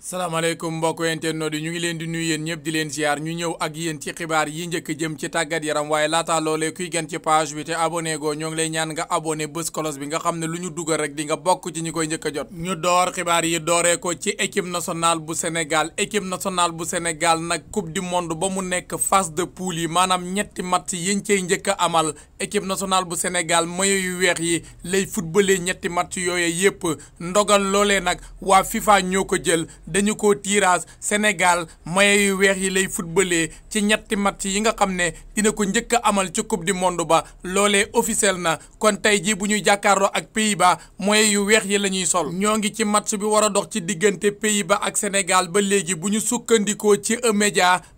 salaamaaleykum mbokk internet yi ñu ngi leen di nuyu yéen ñëpp di leen ziar ñu ñëw ak yéen ci xibaar yi njëkk jëm ci tàggat yaram waaye laata loolee kuy gën ci page bi te abone goo ñoo ngi lay ñaan nga abonné bés kolos bi nga xam ne lu ñu dugal rek di nga bokk ci ñi koy njëkk a jot ñu door xibaar yi dooree ko ci équipe nationale bu Sénégal équipe nationale bu Sénégal nag coupe du monde ba mu nekk phase de poule yi maanaam ñetti match yiñ cey njëkk a amal équipe national bu Sénégal mayo yu weex yi lay footballé ñetti match yooyee yépp ndogal loole nag waa FIFA ñoo ko jël dañu ko tirage Sénégal mayo yu weex yi lay footballé ci ñetti match yi nga xam ne dina ko njëkk amal ci coupe du monde ba loolee officiel na kon tey jii bu ñuy jàkkaarloo ak Pays-Bas mayo yu weex yi la ñuy sol. ñoo ngi ci match bi war a dox ci diggante pays ba ak Sénégal ba léegi bu ñu sukkandikoo ci e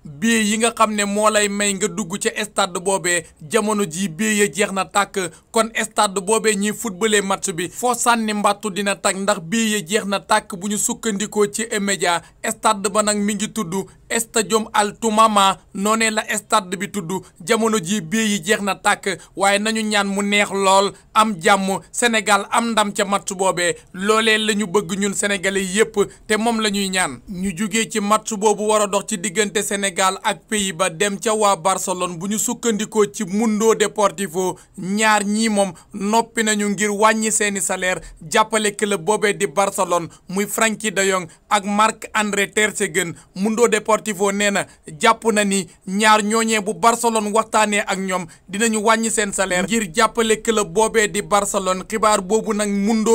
bie yi nga xam ne moo lay may nga dugg ca stade boobee jamono ji bie ya jeex na tàkk kon stade boobe ñuy footballé match bi foo sànni mbàttu dina tag ndax bie ya jeex na tàkk bu ñu sukkandikoo ci eMédia stade ba nag mi ngi tudd stadium Al Toumama noonee la stade bi tudd jamono ji bii yi jeex na tàkk waaye nañu ñaan mu neex lool am jàmm Sénégal am ndam ca match boobee loolee la ñu bëgg ñun sénégalais yépp te moom la ñuy ñaan ñu jugee ci match boobu war a dox ci diggante Sénégal ak pays ba dem ca waa Barcelone bu ñu sukkandikoo ci Mundo Deportivo ñaar ñii moom noppi nañu ngir wàññi seeni salaire jàppale club boobee di Barcelone muy Frenkie de Jong ak Marc André Ter Deportivo nee na jàpp na ni ñaar ñooñee bu Barcelone waxtaanee ak ñoom dinañu wàññi seen salaire ngir jàppale club boobee di Barcelone xibaar boobu nag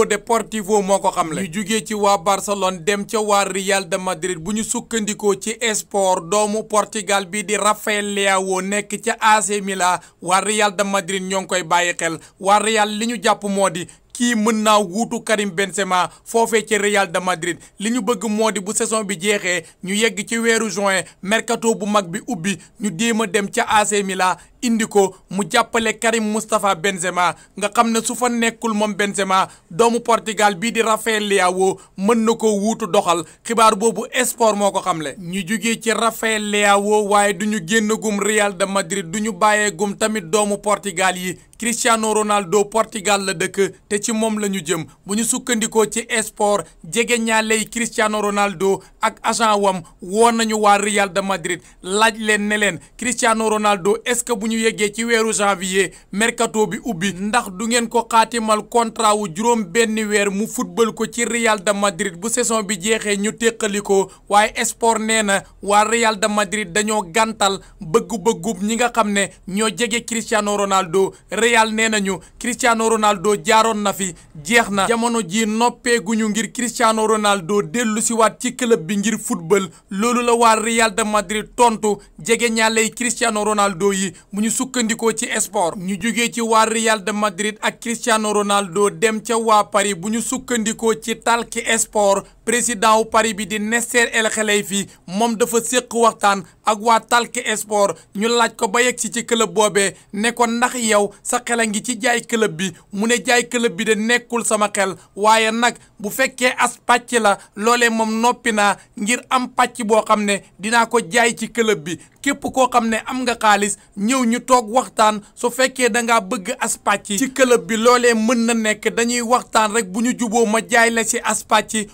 de portivo moo ko xamle. ñu jugee ci waa Barcelone dem ca waa Real de Madrid bu ñu sukkandikoo ci sport doomu Portugal bi di Rafael Leao nekk ca AC milla waa Real de Madrid ñoo ngi koy bàyyi xel waa Real li ñu jàpp moo di. kii mën naa wuutu Karim Benzema foofee ci Real de Madrid li ñu bëgg moo di bu saison bi jeexee ñu yegg ci weeru juin mercato bu mag bi ubbi ñu déem a dem ca AC Milan indi ko mu jàppale Karim Moustapha Benzema nga xam ne su fa nekkul moom Benzema doomu Portugal bii di Rafael Leao mën na ko wuutu doxal xibaar boobu sport moo ko xam xamle. ñu jugee ci Rafael Leao waaye du ñu génn gum Real de Madrid du ñu bàyyee gum tamit doomu Portugal yi. Cristiano Ronaldo Portugal la dëkk te ci moom la ñu jëm bu ñu sukkandikoo ci esport jege ñaale ñaaley Cristiano Ronaldo ak agent wam woo nañu waa Real de Madrid laaj leen ne leen Cristiano Ronaldo est-ce que bu ñu yeggee ci weeru janvier mercato bi ubbi ndax du ngeen ko xaatimal contrat wu juróom benn weer mu football ko ci Real de Madrid bu saison bi jeexee ñu téqali ko waaye esport nee na waa Real de Madrid dañoo gantal bëggu bëggu ñi nga xam ne ñoo jege Cristiano Ronaldo. Real nee nañu Cristiano Ronaldo jaaroon na fi jeex na jamono ji noppeeguñu ngir Cristiano Ronaldo dellu si waat ci club bi ngir football loolu la waa Real de Madrid tontu jege ñaaley Cristiano Ronaldo yi bu ñu sukkandikoo ci sport ñu jógee ci waa Real de Madrid ak Cristiano Ronaldo dem ca waa Paris bu ñu sukkandikoo ci talk sport président wu Paris bi di Nasser El Khelaifi moom dafa séq waxtaan ak waa talki sport ñu laaj ko ba yegg ci ci club boobee ne ko yow sa xel ngi ci jaay club bi mu ne jaay club bi de nekkul sama xel waaye nag bu fekkee as pàcc la loole moom noppi naa ngir am pàcc boo xam ne dinaa ko jaay ci club bi képp koo xam ne am nga xaalis ñëw ñu toog waxtaan su fekkee da ngaa bëgg as pàcc ci club bi loole mën na nekk dañuy waxtaan rek bu ñu juboo ma jaay la ci as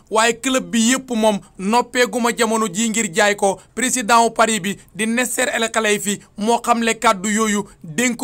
waaye club bi yépp moom noppeeguma jamono jii ngir jaay ko président wu Paris bi di Nasser El Khelaïfi moo xamle kàddu yooyu dénk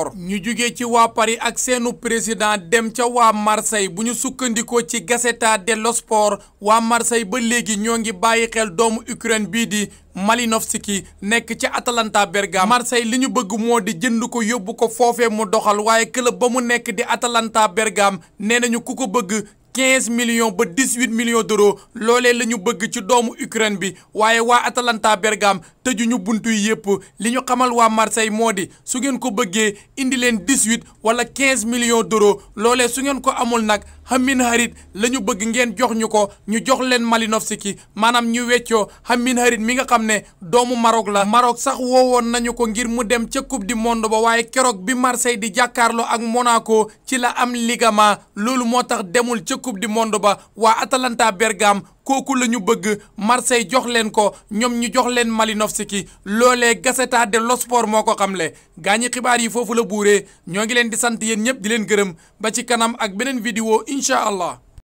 sport ñu jugee ci waa Paris ak seenu président dem ca waa Marseille bu ñu sukkandikoo ci Gazzetta dello Sport waa Marseille ba léegi ñoo ngi bàyyi xel doomu Ukraine bii di Malinovski nekk ca Atalanta Bergame Marseille li ñu bëgg moo di jënd ko yóbbu ko foofee mu doxal waaye club ba mu nekk di Atalanta Bergame nee nañu ku ko bëgg 15 millions ba 18 millions d'euros loolee la ñu bëgg ci doomu Ukraine bi waaye waa Atalanta Bergame tëju ñu buntu yi yëpp li ñu xamal waa Marseille moo di su ngeen ko bëggee indi leen 18 wala 15 millions d'euros loole su ngeen ko amul nag. xamin harit la ñu bëgg ngeen jox ñu ko ñu jox leen Malinovski maanaam ñu weccoo xamin harit mi nga xam ne doomu Maroc la Maroc sax woo woon nañu ko ngir mu dem ca coupe du monde ba waaye keroog bi Marseille di jàkkaarloo ak Monaco ci la am ligament loolu moo tax demul ca kub di monde ba waa Atalanta Bergame kooku la ñu bëgg Marseille jox leen ko ñoom ñu jox leen Malinovski loole Gazzetta dello Sport moo ko xamle gaa ñi xibaar yi foofu la buuree ñoo ngi leen di sant yéen ñëpp di leen gërëm ba ci kanam ak beneen vidéo incha allah